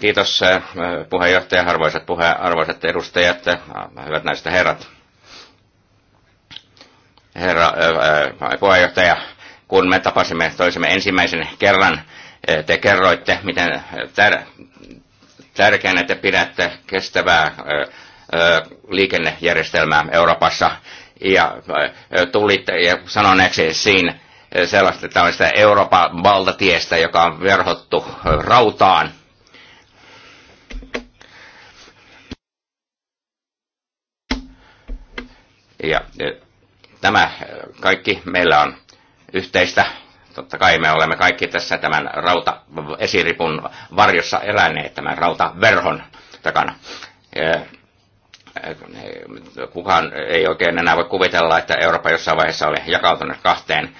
Kiitos puheenjohtaja, arvoisat, puhe, arvoisat edustajat, hyvät näistä herrat. Herra puheenjohtaja, kun me tapasimme toisemme ensimmäisen kerran, te kerroitte, miten tär, tärkeänä te pidätte kestävää liikennejärjestelmää Euroopassa ja tulitte ja sanoneeksi siinä sellaista tällaista Euroopan valtatiestä, joka on verhottu rautaan – Ja tämä kaikki meillä on yhteistä. Totta kai me olemme kaikki tässä tämän rauta esiripun varjossa eläneet tämän rautaverhon takana. Kukaan ei oikein enää voi kuvitella, että Eurooppa jossain vaiheessa oli jakautunut kahteen.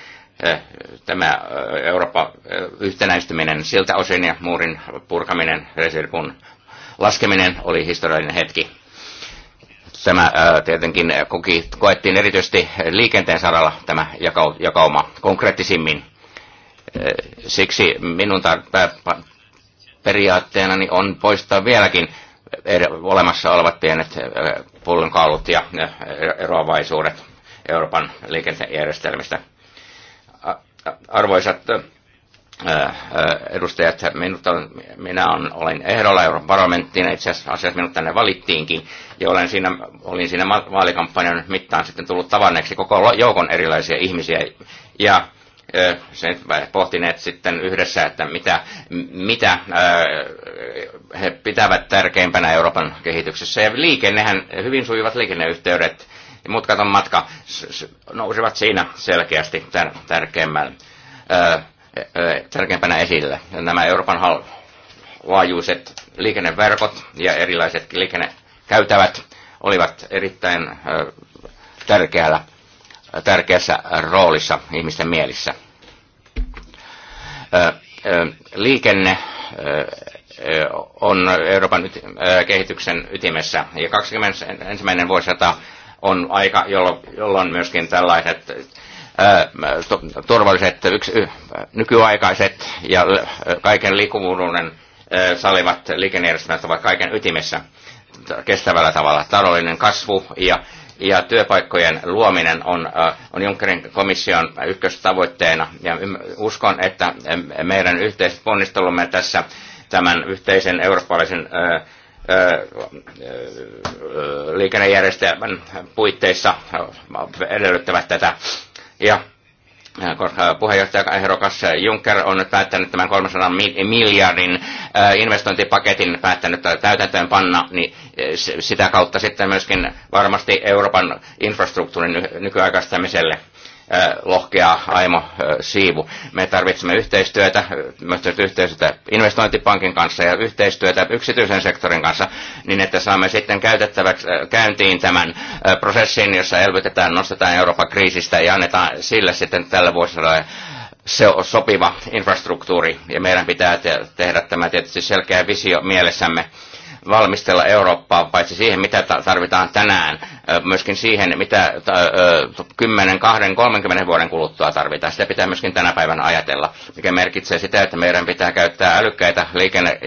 Tämä Eurooppa yhtenäistyminen siltä osin ja muurin purkaminen, resirpun laskeminen oli historiallinen hetki Tämä tietenkin koki, koettiin erityisesti liikenteen saralla tämä jakauma konkreettisimmin. Siksi minun tar- periaatteenani on poistaa vieläkin olemassa olevat pienet pullonkaulut ja eroavaisuudet Euroopan liikennejärjestelmistä. Arvoisat Äh, äh, edustajat, minut on, minä on, olen ehdolla Euroopan parlamenttiin, itse asiassa minut tänne valittiinkin, ja olen siinä, olin siinä vaalikampanjan mittaan sitten tullut tavanneeksi koko joukon erilaisia ihmisiä, ja äh, sen pohtineet sitten yhdessä, että mitä, mitä he pitävät tärkeimpänä Euroopan kehityksessä. Ja liikennehän, hyvin sujuvat liikenneyhteydet, mutkaton matka nousivat siinä selkeästi tär, tärkeimmän Eh, tärkeimpänä esillä. Nämä Euroopan laajuiset liikenneverkot ja erilaiset liikennekäytävät olivat erittäin eh, tärkeällä, tärkeässä roolissa ihmisten mielissä. Eh, liikenne on Euroopan kehityksen ytimessä ja 21. vuosisata on aika, jolloin myöskin tällaiset turvalliset, yks, nykyaikaiset ja kaiken liikkuvuuden salivat liikennejärjestelmät ovat kaiken ytimessä kestävällä tavalla. Taloudellinen kasvu ja, ja työpaikkojen luominen on, on Junckerin komission ykköstavoitteena. Ja uskon, että meidän yhteiset ponnistelumme tässä tämän yhteisen eurooppalaisen liikennejärjestelmän puitteissa edellyttävät tätä ja äh, koska puheenjohtajaehdokas äh, Juncker on nyt päättänyt tämän 300 miljardin äh, investointipaketin päättänyt täytäntöön panna, niin sitä kautta sitten myöskin varmasti Euroopan infrastruktuurin nykyaikaistamiselle – lohkea aimo siivu. Me tarvitsemme yhteistyötä, myös yhteistyötä investointipankin kanssa ja yhteistyötä yksityisen sektorin kanssa, niin että saamme sitten käytettäväksi käyntiin tämän prosessin, jossa elvytetään, nostetaan Euroopan kriisistä ja annetaan sille sitten tällä vuosilla se on sopiva infrastruktuuri, ja meidän pitää te- tehdä tämä tietysti selkeä visio mielessämme valmistella Eurooppaa paitsi siihen, mitä tarvitaan tänään, myöskin siihen, mitä 10, 20, 30 vuoden kuluttua tarvitaan. Sitä pitää myöskin tänä päivänä ajatella, mikä merkitsee sitä, että meidän pitää käyttää älykkäitä liikenne-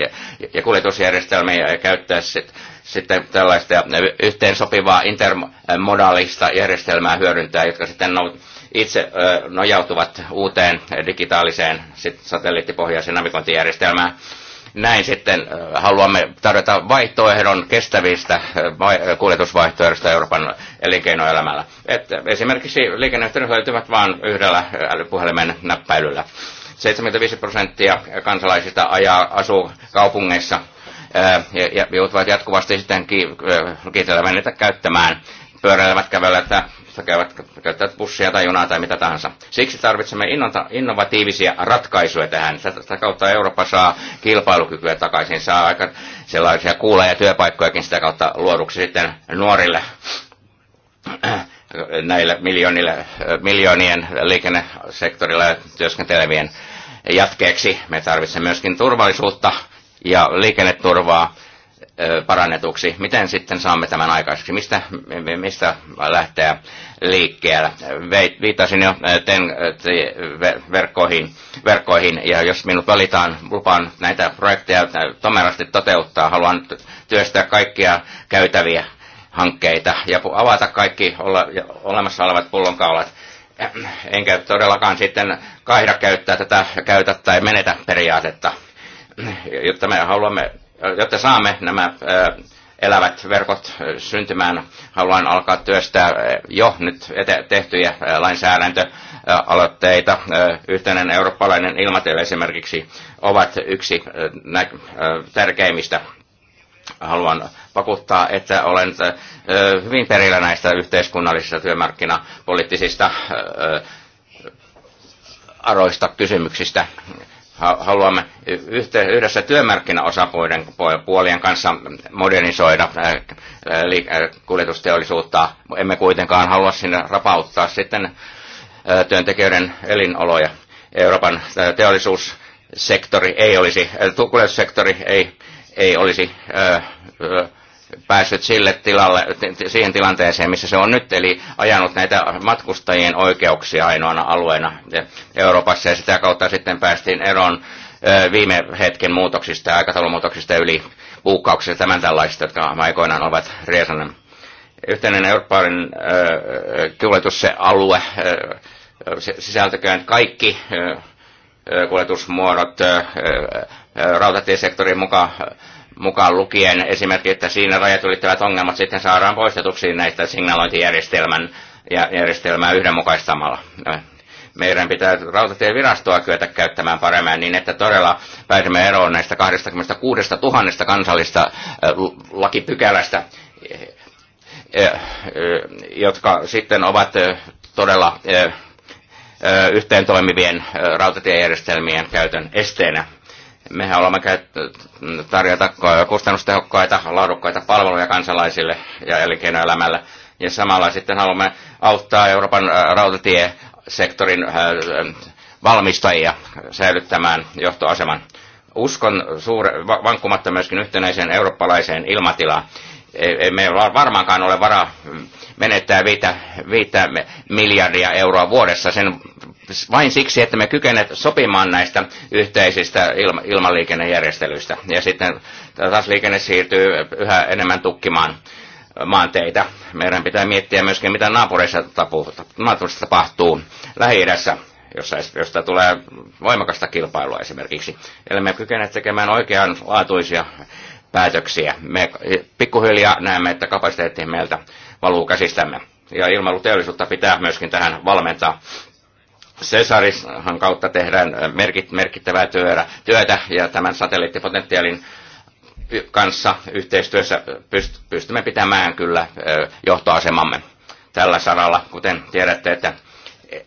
ja kuljetusjärjestelmiä ja käyttää sit, sitten tällaista yhteensopivaa intermodaalista järjestelmää hyödyntää, jotka sitten itse nojautuvat uuteen digitaaliseen sit satelliittipohjaiseen navigointijärjestelmään näin sitten haluamme tarjota vaihtoehdon kestävistä kuljetusvaihtoehdosta Euroopan elinkeinoelämällä. Että esimerkiksi liikenneyhteydet löytyvät vain yhdellä älypuhelimen näppäilyllä. 75 prosenttia kansalaisista ajaa, asuu kaupungeissa ja joutuvat jatkuvasti sitten kiitellä käyttämään pyöräilevät, kävelevät käyvät, käyttävät bussia tai junaa tai mitä tahansa. Siksi tarvitsemme innovatiivisia ratkaisuja tähän. Tätä kautta Eurooppa saa kilpailukykyä takaisin, saa aika sellaisia kuuleja työpaikkojakin sitä kautta luoduksi sitten nuorille näille miljoonille, miljoonien liikennesektorilla työskentelevien jatkeeksi. Me tarvitsemme myöskin turvallisuutta ja liikenneturvaa parannetuksi. Miten sitten saamme tämän aikaiseksi? Mistä, mistä lähtee liikkeelle? Viittasin jo ten, te, verkkoihin, verkkoihin, ja jos minut valitaan, lupaan näitä projekteja tomerasti toteuttaa. Haluan työstää kaikkia käytäviä hankkeita ja avata kaikki olemassa olevat pullonkaulat äh, enkä todellakaan sitten kaihda käyttää tätä käytä tai menetä periaatetta, jotta me haluamme jotta saamme nämä elävät verkot syntymään, haluan alkaa työstää jo nyt tehtyjä lainsäädäntöaloitteita. Yhteinen eurooppalainen ilmatila esimerkiksi ovat yksi tärkeimmistä. Haluan vakuuttaa, että olen hyvin perillä näistä yhteiskunnallisista työmarkkinapoliittisista aroista kysymyksistä haluamme yhdessä työmarkkinaosapuolien puolien kanssa modernisoida äh, äh, äh, kuljetusteollisuutta. Emme kuitenkaan halua sinne rapauttaa sitten työntekijöiden elinoloja. Euroopan teollisuussektori ei olisi, kuljetussektori ei, ei olisi päässyt sille tilalle, siihen tilanteeseen, missä se on nyt, eli ajanut näitä matkustajien oikeuksia ainoana alueena Euroopassa, ja sitä kautta sitten päästiin eroon viime hetken muutoksista ja aikataulumuutoksista yli ja tämän tällaista, jotka aikoinaan ovat Riesanen. Yhteinen Euroopan kuljetusalue sisältäköön kaikki kuljetusmuodot rautatiesektorin mukaan mukaan lukien esimerkiksi, että siinä rajat ylittävät ongelmat sitten saadaan poistetuksi näistä signalointijärjestelmän ja järjestelmää yhdenmukaistamalla. Meidän pitää rautatievirastoa kyetä käyttämään paremmin niin, että todella pääsemme eroon näistä 26 000 kansallista lakipykälästä, jotka sitten ovat todella yhteen toimivien rautatiejärjestelmien käytön esteenä mehän haluamme tarjota kustannustehokkaita, laadukkaita palveluja kansalaisille ja elinkeinoelämälle. Ja samalla sitten haluamme auttaa Euroopan äh, rautatiesektorin äh, valmistajia säilyttämään johtoaseman. Uskon suure, vankkumatta myöskin yhtenäiseen eurooppalaiseen ilmatilaan ei meillä varmaankaan ole varaa menettää viitä viitä miljardia euroa vuodessa sen vain siksi, että me kykenet sopimaan näistä yhteisistä ilma, ilmaliikennejärjestelyistä. Ja sitten taas liikenne siirtyy yhä enemmän tukkimaan maanteitä. Meidän pitää miettiä myöskin, mitä naapureissa tapahtuu lähi jossa, josta tulee voimakasta kilpailua esimerkiksi. Eli me kykenet tekemään oikeanlaatuisia päätöksiä. Me pikkuhiljaa näemme, että kapasiteetti meiltä valuu käsistämme. Ja ilmailuteollisuutta pitää myöskin tähän valmentaa. Cesarishan kautta tehdään merkittävää työtä ja tämän satelliittipotentiaalin kanssa yhteistyössä pystymme pitämään kyllä johtoasemamme tällä saralla. Kuten tiedätte, että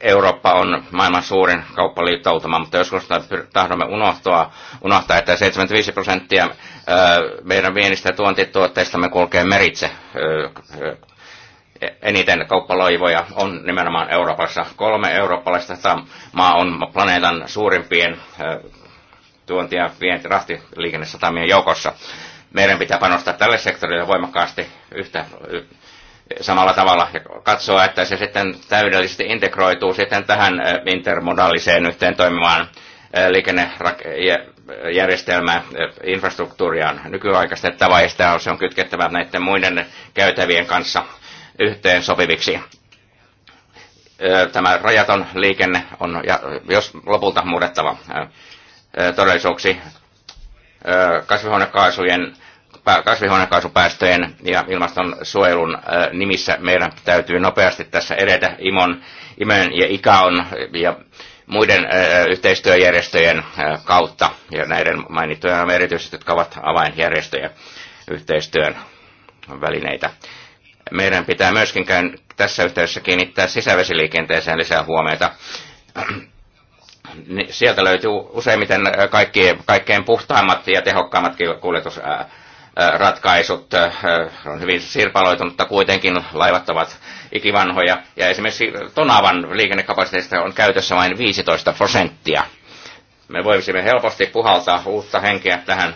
Eurooppa on maailman suurin kauppaliittoutuma, mutta joskus tahdomme unohtaa, unohtaa että 75 prosenttia meidän vienistä me kulkee meritse. Eniten kauppalaivoja on nimenomaan Euroopassa. Kolme eurooppalaista maa on planeetan suurimpien tuonti- ja vienti- rahtiliikennesatamien joukossa. Meidän pitää panostaa tälle sektorille voimakkaasti yhtä samalla tavalla ja katsoa, että se sitten täydellisesti integroituu sitten tähän intermodaaliseen yhteen toimimaan liikenne- ja järjestelmää, eh, infrastruktuuria on nykyaikaistettava ja sitä on, se on kytkettävä näiden muiden käytävien kanssa yhteen sopiviksi. Eh, tämä rajaton liikenne on, ja jos lopulta muudettava eh, todellisuuksi, kasvihuonekaasujen kasvihuonekaasupäästöjen ja ilmaston suojelun nimissä meidän täytyy nopeasti tässä edetä. Imon, Imen ja ikä on ja muiden yhteistyöjärjestöjen kautta ja näiden mainittujen erityisesti, jotka ovat avainjärjestöjä yhteistyön välineitä. Meidän pitää myöskin tässä yhteydessä kiinnittää sisävesiliikenteeseen lisää huomiota. Niin sieltä löytyy useimmiten kaikki, kaikkein puhtaimmat ja tehokkaimmat kuljetus ratkaisut on hyvin sirpaloitunutta kuitenkin, laivat ovat ikivanhoja, ja esimerkiksi Tonavan liikennekapasiteetista on käytössä vain 15 prosenttia. Me voisimme helposti puhaltaa uutta henkeä tähän,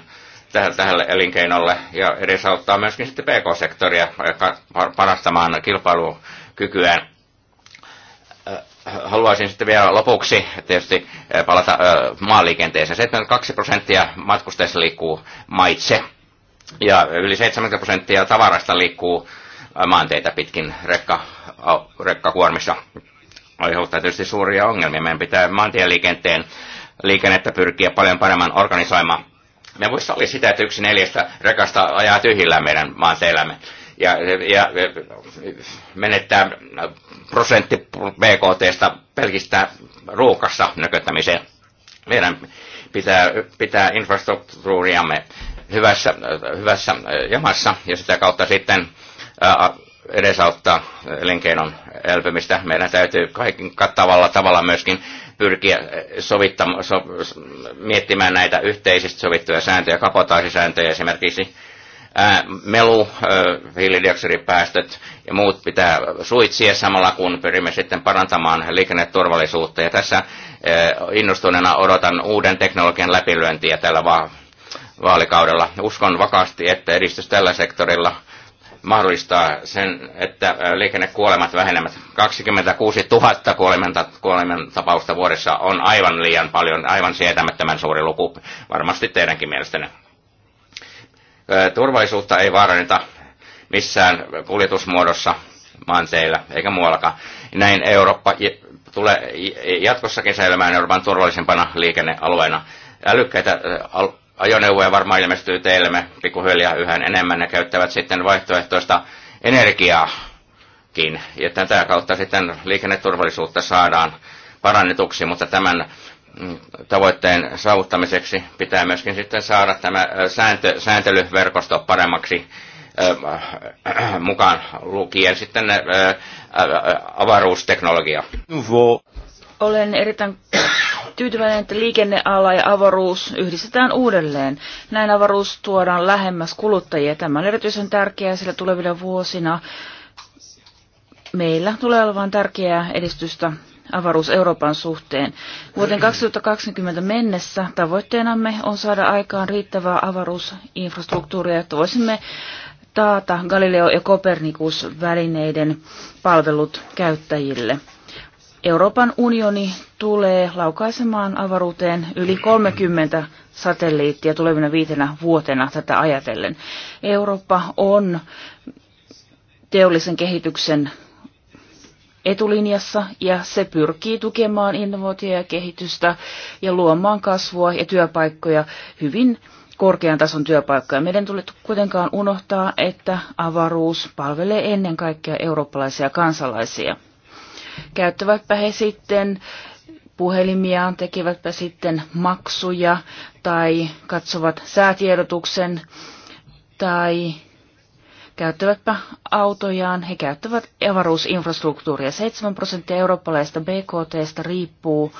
tähälle tälle elinkeinolle ja edesauttaa myöskin sitten PK-sektoria parastamaan kilpailukykyään haluaisin sitten vielä lopuksi tietysti palata maaliikenteeseen. 72 prosenttia matkustajista liikkuu maitse ja yli 70 prosenttia tavarasta liikkuu äh, maanteitä pitkin rekka, rekkakuormissa. Aiheuttaa tietysti suuria ongelmia. Meidän pitää maantieliikenteen liikennettä pyrkiä paljon paremman organisoimaan. Me voisi olla sitä, että yksi neljästä rekasta ajaa tyhjillään meidän maanteillämme ja, ja menettää prosentti BKTstä pelkistä ruukassa nököttämiseen. Meidän pitää, pitää infrastruktuuriamme hyvässä, hyvässä äh, jamassa ja sitä kautta sitten äh, edesauttaa elinkeinon elpymistä. Meidän täytyy kaikin kattavalla tavalla myöskin pyrkiä äh, sovittamaan, so, miettimään näitä yhteisesti sovittuja sääntöjä, kapotaasisääntöjä esimerkiksi. Ää, melu, ää, hiilidioksidipäästöt ja muut pitää suitsia samalla, kun pyrimme sitten parantamaan liikenneturvallisuutta. Ja tässä ää, innostuneena odotan uuden teknologian läpilyöntiä tällä vaan vaalikaudella. Uskon vakaasti, että edistys tällä sektorilla mahdollistaa sen, että liikennekuolemat vähenevät. 26 000 kuolemanta, kuolemantapausta vuodessa on aivan liian paljon, aivan sietämättömän suuri luku, varmasti teidänkin mielestänne. Turvallisuutta ei vaaranneta missään kuljetusmuodossa maanteillä eikä muuallakaan. Näin Eurooppa tulee jatkossakin säilymään Euroopan turvallisempana liikennealueena. Älykkäitä ajoneuvoja varmaan ilmestyy teille me pikkuhiljaa yhä enemmän. Ne käyttävät sitten vaihtoehtoista energiaakin. Ja tätä kautta sitten liikenneturvallisuutta saadaan parannetuksi, mutta tämän mm, tavoitteen saavuttamiseksi pitää myöskin sitten saada tämä sääntö, sääntelyverkosto paremmaksi mukaan lukien sitten avaruusteknologia. Olen erittäin tyytyväinen, että liikenneala ja avaruus yhdistetään uudelleen. Näin avaruus tuodaan lähemmäs kuluttajia. Tämä on erityisen tärkeää, sillä tulevina vuosina meillä tulee olemaan tärkeää edistystä avaruus Euroopan suhteen. Vuoteen 2020 mennessä tavoitteenamme on saada aikaan riittävää avaruusinfrastruktuuria, jotta voisimme taata Galileo- ja Kopernikus-välineiden palvelut käyttäjille. Euroopan unioni tulee laukaisemaan avaruuteen yli 30 satelliittia tulevina viitenä vuotena tätä ajatellen. Eurooppa on teollisen kehityksen etulinjassa ja se pyrkii tukemaan innovaatio- ja kehitystä ja luomaan kasvua ja työpaikkoja hyvin korkean tason työpaikkoja. Meidän tulee kuitenkaan unohtaa, että avaruus palvelee ennen kaikkea eurooppalaisia kansalaisia käyttävätpä he sitten puhelimiaan, tekivätpä sitten maksuja tai katsovat säätiedotuksen tai käyttävätpä autojaan, he käyttävät avaruusinfrastruktuuria. 7 prosenttia eurooppalaista BKTstä riippuu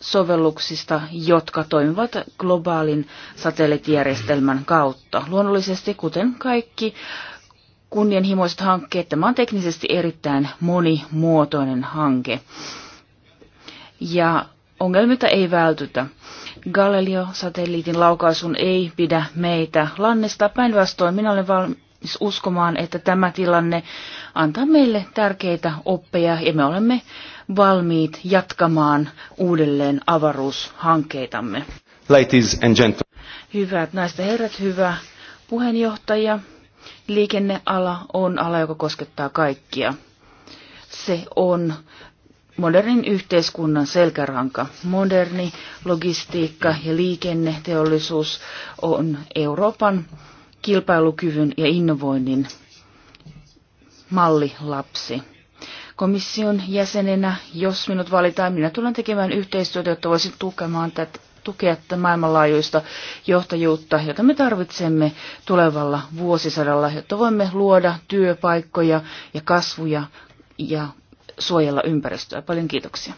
sovelluksista, jotka toimivat globaalin satelliittijärjestelmän kautta. Luonnollisesti, kuten kaikki kunnianhimoiset hankkeet. Tämä on teknisesti erittäin monimuotoinen hanke. Ja ongelmilta ei vältytä. Galileo-satelliitin laukaisun ei pidä meitä lannesta. Päinvastoin minä olen valmis uskomaan, että tämä tilanne antaa meille tärkeitä oppeja ja me olemme valmiit jatkamaan uudelleen avaruushankkeitamme. Ladies and gentlemen. Hyvät naiset ja herrat, hyvä puheenjohtaja. Liikenneala on ala, joka koskettaa kaikkia. Se on modernin yhteiskunnan selkäranka. Moderni logistiikka ja liikenneteollisuus on Euroopan kilpailukyvyn ja innovoinnin mallilapsi. Komission jäsenenä, jos minut valitaan, minä tulen tekemään yhteistyötä, jotta voisin tukemaan tätä tukea maailmanlaajuista johtajuutta, jota me tarvitsemme tulevalla vuosisadalla, jotta voimme luoda työpaikkoja ja kasvuja ja suojella ympäristöä. Paljon kiitoksia.